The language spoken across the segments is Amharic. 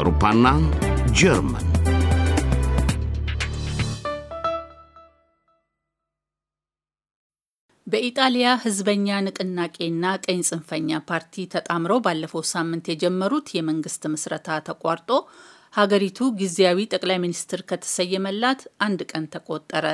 አውሮፓና ጀርመን በኢጣሊያ ህዝበኛ ንቅናቄና ቀኝ ጽንፈኛ ፓርቲ ተጣምረው ባለፈው ሳምንት የጀመሩት የመንግስት ምስረታ ተቋርጦ ሀገሪቱ ጊዜያዊ ጠቅላይ ሚኒስትር ከተሰየመላት አንድ ቀን ተቆጠረ።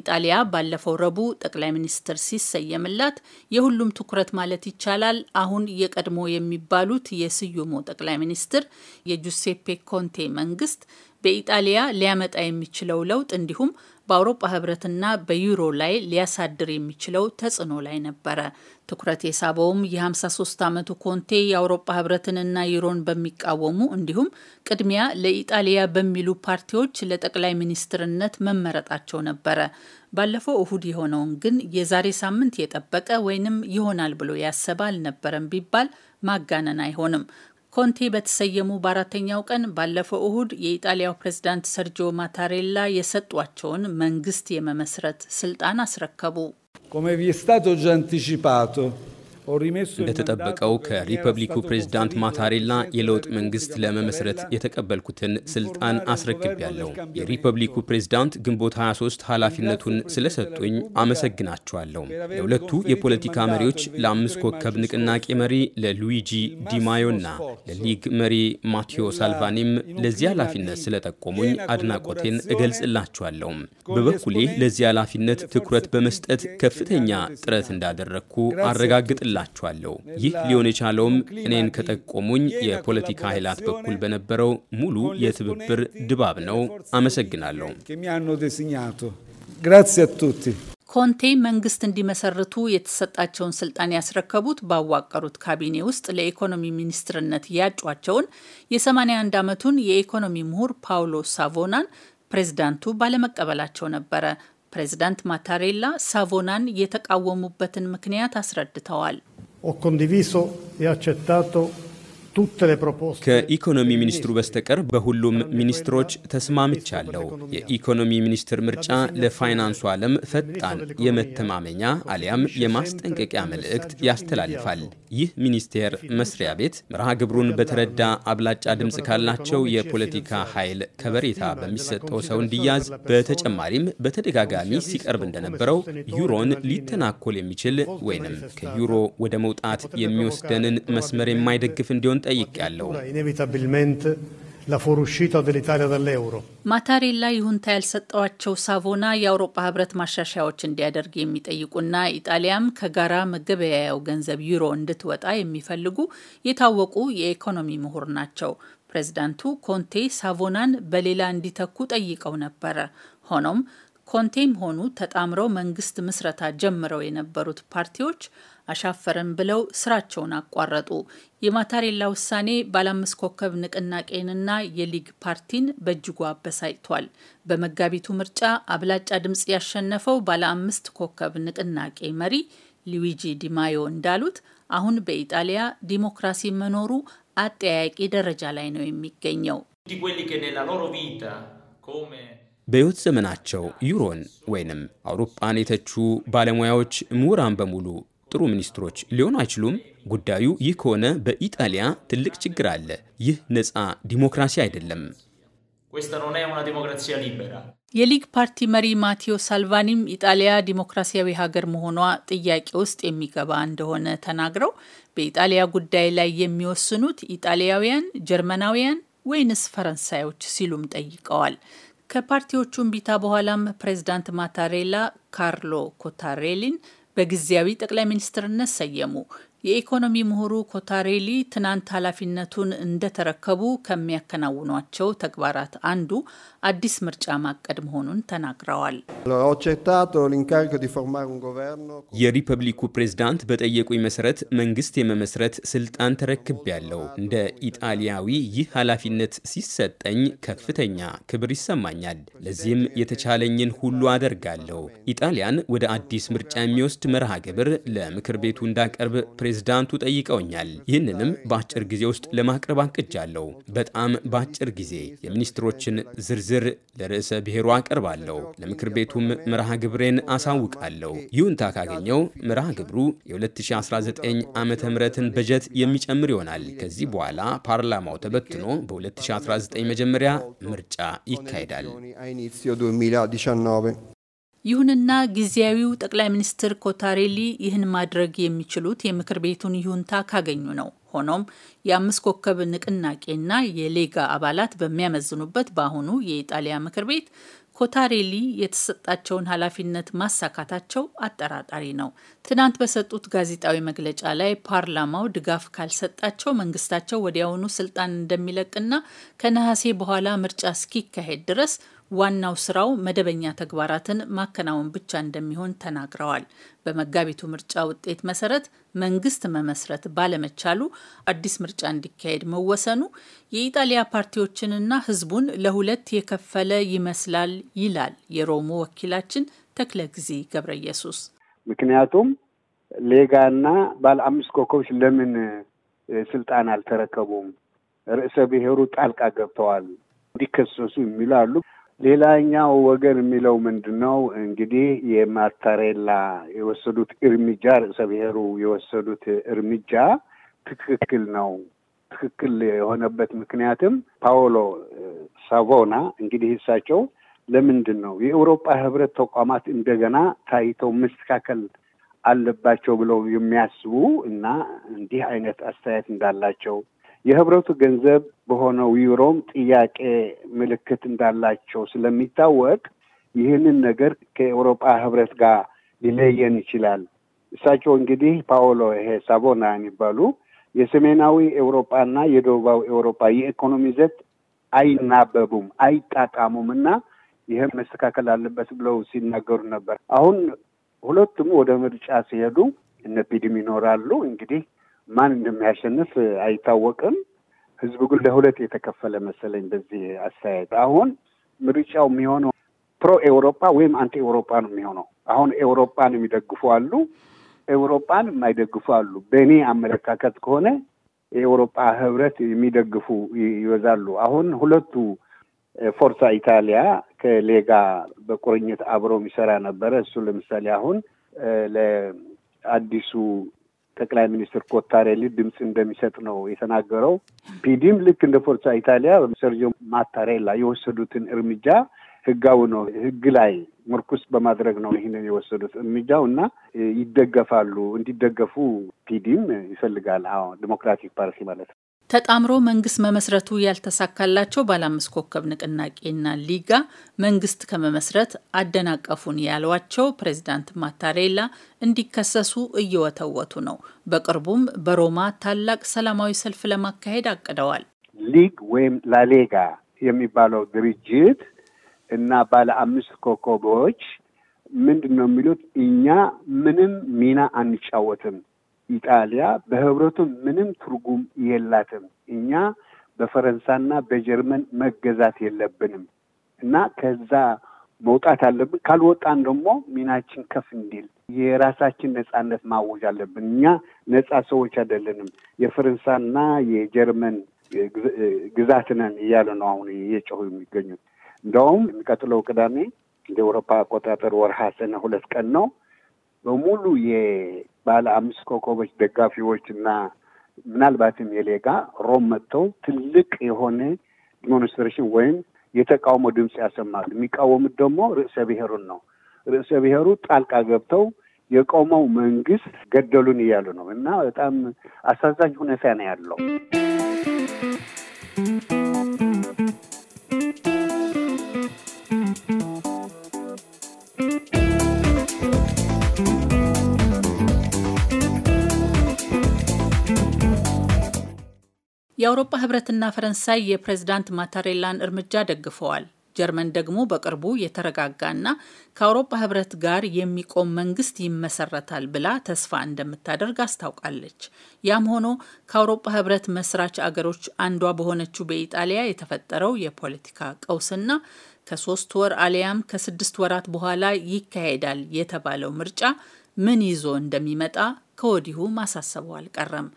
ኢጣሊያ ባለፈው ረቡዕ ጠቅላይ ሚኒስትር ሲሰየምላት የሁሉም ትኩረት ማለት ይቻላል አሁን የቀድሞ የሚባሉት የስዩሙ ጠቅላይ ሚኒስትር የጁሴፔ ኮንቴ መንግስት በኢጣሊያ ሊያመጣ የሚችለው ለውጥ እንዲሁም በአውሮፓ ህብረትና በዩሮ ላይ ሊያሳድር የሚችለው ተጽዕኖ ላይ ነበረ። ትኩረት የሳበውም የ53 ዓመቱ ኮንቴ የአውሮፓ ህብረትንና ዩሮን በሚቃወሙ እንዲሁም ቅድሚያ ለኢጣሊያ በሚሉ ፓርቲዎች ለጠቅላይ ሚኒስትርነት መመረጣቸው ነበረ። ባለፈው እሁድ የሆነውን ግን የዛሬ ሳምንት የጠበቀ ወይንም ይሆናል ብሎ ያሰበ አልነበረም ቢባል ማጋነን አይሆንም። ኮንቴ በተሰየሙ በአራተኛው ቀን ባለፈው እሁድ የኢጣሊያው ፕሬዝዳንት ሰርጂዮ ማታሬላ የሰጧቸውን መንግስት የመመስረት ስልጣን አስረከቡ። ኮሜ ቪ ስታቶ ጃ እንደተጠበቀው ከሪፐብሊኩ ፕሬዝዳንት ማታሬላ የለውጥ መንግስት ለመመስረት የተቀበልኩትን ስልጣን ያለው የሪፐብሊኩ ፕሬዝዳንት ግንቦት 23 ኃላፊነቱን ስለሰጡኝ አመሰግናቸዋለሁ። ለሁለቱ የፖለቲካ መሪዎች፣ ለአምስት ኮከብ ንቅናቄ መሪ ለሉዊጂ ዲማዮና ለሊግ መሪ ማቴዎ ሳልቫኒም ለዚህ ኃላፊነት ስለጠቆሙኝ አድናቆቴን እገልጽላቸዋለሁ። በበኩሌ ለዚህ ኃላፊነት ትኩረት በመስጠት ከፍተኛ ጥረት እንዳደረግኩ አረጋግጥላቸዋለሁ። እላችኋለሁ። ይህ ሊሆን የቻለውም እኔን ከጠቆሙኝ የፖለቲካ ኃይላት በኩል በነበረው ሙሉ የትብብር ድባብ ነው። አመሰግናለሁ። ኮንቴ መንግስት እንዲመሰርቱ የተሰጣቸውን ስልጣን ያስረከቡት ባዋቀሩት ካቢኔ ውስጥ ለኢኮኖሚ ሚኒስትርነት ያጯቸውን የ81 ዓመቱን የኢኮኖሚ ምሁር ፓውሎ ሳቮናን ፕሬዚዳንቱ ባለመቀበላቸው ነበረ። ፕሬዚዳንት ማታሬላ ሳቮናን የተቃወሙበትን ምክንያት አስረድተዋል። ኦ ኮንዲቪሶ አ ከኢኮኖሚ ሚኒስትሩ በስተቀር በሁሉም ሚኒስትሮች ተስማምቻለሁ። የኢኮኖሚ ሚኒስትር ምርጫ ለፋይናንሱ ዓለም ፈጣን የመተማመኛ አሊያም የማስጠንቀቂያ መልእክት ያስተላልፋል። ይህ ሚኒስቴር መስሪያ ቤት መርሃ ግብሩን በተረዳ አብላጫ ድምፅ ካላቸው e የፖለቲካ ኃይል ከበሬታ በሚሰጠው ሰው እንዲያዝ፣ በተጨማሪም e በተደጋጋሚ ሲቀርብ እንደነበረው ዩሮን ሊተናኮል የሚችል ወይንም ከዩሮ ወደ መውጣት የሚወስደንን መስመር የማይደግፍ እንዲሆን ጠይቄያለሁ። ማታሬላ ይሁንታ ያልሰጠዋቸው ሳቮና የአውሮፓ ህብረት ማሻሻያዎች እንዲያደርግ የሚጠይቁና ኢጣሊያም ከጋራ መገበያያው ገንዘብ ዩሮ እንድትወጣ የሚፈልጉ የታወቁ የኢኮኖሚ ምሁር ናቸው። ፕሬዚዳንቱ ኮንቴ ሳቮናን በሌላ እንዲተኩ ጠይቀው ነበረ። ሆኖም ኮንቴም ሆኑ ተጣምረው መንግስት ምስረታ ጀምረው የነበሩት ፓርቲዎች አሻፈረን ብለው ስራቸውን አቋረጡ። የማታሬላ ውሳኔ ባለአምስት ኮከብ ንቅናቄንና የሊግ ፓርቲን በእጅጉ አበሳጭቷል። በመጋቢቱ ምርጫ አብላጫ ድምፅ ያሸነፈው ባለአምስት ኮከብ ንቅናቄ መሪ ሉዊጂ ዲማዮ እንዳሉት አሁን በኢጣሊያ ዲሞክራሲ መኖሩ አጠያያቂ ደረጃ ላይ ነው የሚገኘው። በሕይወት ዘመናቸው ዩሮን ወይንም አውሮፓን የተቹ ባለሙያዎች፣ ምሁራን በሙሉ ጥሩ ሚኒስትሮች ሊሆኑ አይችሉም። ጉዳዩ ይህ ከሆነ በኢጣሊያ ትልቅ ችግር አለ። ይህ ነፃ ዲሞክራሲ አይደለም። የሊግ ፓርቲ መሪ ማቴዎ ሳልቫኒም ኢጣሊያ ዲሞክራሲያዊ ሀገር መሆኗ ጥያቄ ውስጥ የሚገባ እንደሆነ ተናግረው በኢጣሊያ ጉዳይ ላይ የሚወስኑት ኢጣሊያውያን፣ ጀርመናውያን ወይንስ ፈረንሳዮች ሲሉም ጠይቀዋል። ከፓርቲዎቹ እምቢታ በኋላም ፕሬዝዳንት ማታሬላ ካርሎ ኮታሬሊን በጊዜያዊ ጠቅላይ ሚኒስትርነት ሰየሙ። የኢኮኖሚ ምሁሩ ኮታሬሊ ትናንት ኃላፊነቱን እንደተረከቡ ከሚያከናውኗቸው ተግባራት አንዱ አዲስ ምርጫ ማቀድ መሆኑን ተናግረዋል። የሪፐብሊኩ ፕሬዝዳንት በጠየቁኝ መሰረት መንግስት የመመስረት ስልጣን ተረክቤያለሁ። እንደ ኢጣሊያዊ ይህ ኃላፊነት ሲሰጠኝ ከፍተኛ ክብር ይሰማኛል። ለዚህም የተቻለኝን ሁሉ አደርጋለሁ። ኢጣሊያን ወደ አዲስ ምርጫ የሚወስድ መርሃ ግብር ለምክር ቤቱ እንዳቀርብ ፕሬዝዳንቱ ጠይቀውኛል። ይህንንም በአጭር ጊዜ ውስጥ ለማቅረብ አቅጃለሁ። በጣም በአጭር ጊዜ የሚኒስትሮችን ዝርዝር ለርዕሰ ብሔሩ አቀርባለሁ። ለምክር ቤቱም መርሃ ግብሬን አሳውቃለሁ። ይሁንታ ካገኘው መርሃ ግብሩ የ2019 ዓ ምትን በጀት የሚጨምር ይሆናል። ከዚህ በኋላ ፓርላማው ተበትኖ በ2019 መጀመሪያ ምርጫ ይካሄዳል። ይሁንና ጊዜያዊው ጠቅላይ ሚኒስትር ኮታሬሊ ይህን ማድረግ የሚችሉት የምክር ቤቱን ይሁንታ ካገኙ ነው። ሆኖም የአምስት ኮከብ ንቅናቄና የሌጋ አባላት በሚያመዝኑበት በአሁኑ የኢጣሊያ ምክር ቤት ኮታሬሊ የተሰጣቸውን ኃላፊነት ማሳካታቸው አጠራጣሪ ነው። ትናንት በሰጡት ጋዜጣዊ መግለጫ ላይ ፓርላማው ድጋፍ ካልሰጣቸው መንግስታቸው ወዲያውኑ ስልጣን እንደሚለቅና ከነሐሴ በኋላ ምርጫ እስኪካሄድ ድረስ ዋናው ስራው መደበኛ ተግባራትን ማከናወን ብቻ እንደሚሆን ተናግረዋል። በመጋቢቱ ምርጫ ውጤት መሰረት መንግስት መመስረት ባለመቻሉ አዲስ ምርጫ እንዲካሄድ መወሰኑ የኢጣሊያ ፓርቲዎችንና ህዝቡን ለሁለት የከፈለ ይመስላል ይላል የሮሙ ወኪላችን ተክለ ጊዜ ገብረ ኢየሱስ። ምክንያቱም ሌጋና ባለ አምስት ኮከቦች ለምን ስልጣን አልተረከቡም? ርዕሰ ብሔሩ ጣልቃ ገብተዋል እንዲከሰሱ የሚሉ አሉ። ሌላኛው ወገን የሚለው ምንድን ነው? እንግዲህ የማታሬላ የወሰዱት እርምጃ ርዕሰ ብሔሩ የወሰዱት እርምጃ ትክክል ነው። ትክክል የሆነበት ምክንያትም ፓውሎ ሳቮና እንግዲህ እሳቸው ለምንድን ነው የአውሮፓ ህብረት ተቋማት እንደገና ታይተው መስተካከል አለባቸው ብለው የሚያስቡ እና እንዲህ አይነት አስተያየት እንዳላቸው የህብረቱ ገንዘብ በሆነው ዩሮም ጥያቄ ምልክት እንዳላቸው ስለሚታወቅ ይህንን ነገር ከኤውሮጳ ህብረት ጋር ሊለየን ይችላል። እሳቸው እንግዲህ ፓውሎ ይሄ ሳቦና የሚባሉ የሰሜናዊ ኤውሮጳና የደቡባዊ ኤውሮጳ የኢኮኖሚ ዘት አይናበቡም፣ አይጣጣሙም እና ይህም መስተካከል አለበት ብለው ሲናገሩ ነበር። አሁን ሁለቱም ወደ ምርጫ ሲሄዱ እነ ፒድም ይኖራሉ እንግዲህ ማን እንደሚያሸንፍ አይታወቅም። ህዝቡ ግን ለሁለት የተከፈለ መሰለኝ። በዚህ አስተያየት አሁን ምርጫው የሚሆነው ፕሮ ኤውሮፓ ወይም አንቲ ኤውሮፓ ነው የሚሆነው። አሁን ኤውሮፓን የሚደግፉ አሉ፣ ኤውሮፓን የማይደግፉ አሉ። በእኔ አመለካከት ከሆነ የኤውሮፓ ህብረት የሚደግፉ ይበዛሉ። አሁን ሁለቱ ፎርሳ ኢታሊያ ከሌጋ በቁርኝት አብሮ የሚሰራ ነበረ። እሱ ለምሳሌ አሁን ለአዲሱ ጠቅላይ ሚኒስትር ኮታሬሊ ድምፅ እንደሚሰጥ ነው የተናገረው። ፒዲም ልክ እንደ ፎርሳ ኢታሊያ ሰርጆ ማታሬላ የወሰዱትን እርምጃ ህጋዊ ነው፣ ህግ ላይ ምርኩስ በማድረግ ነው ይህንን የወሰዱት እርምጃው እና ይደገፋሉ፣ እንዲደገፉ ፒዲም ይፈልጋል። አዎ ዲሞክራቲክ ፓርቲ ማለት ነው። ተጣምሮ መንግስት መመስረቱ ያልተሳካላቸው ባለአምስት ኮከብ ንቅናቄና ሊጋ መንግስት ከመመስረት አደናቀፉን ያሏቸው ፕሬዚዳንት ማታሬላ እንዲከሰሱ እየወተወቱ ነው። በቅርቡም በሮማ ታላቅ ሰላማዊ ሰልፍ ለማካሄድ አቅደዋል። ሊግ ወይም ላሌጋ የሚባለው ድርጅት እና ባለ አምስት ኮከቦች ምንድን ነው የሚሉት? እኛ ምንም ሚና አንጫወትም ኢጣሊያ በህብረቱ ምንም ትርጉም የላትም። እኛ በፈረንሳና በጀርመን መገዛት የለብንም እና ከዛ መውጣት አለብን። ካልወጣን ደግሞ ሚናችን ከፍ እንዲል የራሳችን ነጻነት ማወጅ አለብን። እኛ ነጻ ሰዎች አይደለንም፣ የፈረንሳና የጀርመን ግዛት ነን እያለ ነው አሁን እየጮሁ የሚገኙት። እንደውም የሚቀጥለው ቅዳሜ እንደ አውሮፓ አቆጣጠር ወርሃ ሰኔ ሁለት ቀን ነው በሙሉ የባለ አምስት ኮከቦች ደጋፊዎች እና ምናልባትም የሌጋ ሮም መጥተው ትልቅ የሆነ ዲሞንስትሬሽን ወይም የተቃውሞ ድምፅ ያሰማሉ። የሚቃወሙት ደግሞ ርዕሰ ብሔሩን ነው። ርዕሰ ብሔሩ ጣልቃ ገብተው የቆመው መንግስት ገደሉን እያሉ ነው እና በጣም አሳዛኝ ሁኔታ ነው ያለው። የአውሮፓ ህብረትና ፈረንሳይ የፕሬዝዳንት ማታሬላን እርምጃ ደግፈዋል። ጀርመን ደግሞ በቅርቡ የተረጋጋና ከአውሮፓ ህብረት ጋር የሚቆም መንግስት ይመሰረታል ብላ ተስፋ እንደምታደርግ አስታውቃለች። ያም ሆኖ ከአውሮፓ ህብረት መስራች አገሮች አንዷ በሆነችው በኢጣሊያ የተፈጠረው የፖለቲካ ቀውስና ከሶስት ወር አሊያም ከስድስት ወራት በኋላ ይካሄዳል የተባለው ምርጫ ምን ይዞ እንደሚመጣ ከወዲሁ ማሳሰቡ አልቀረም።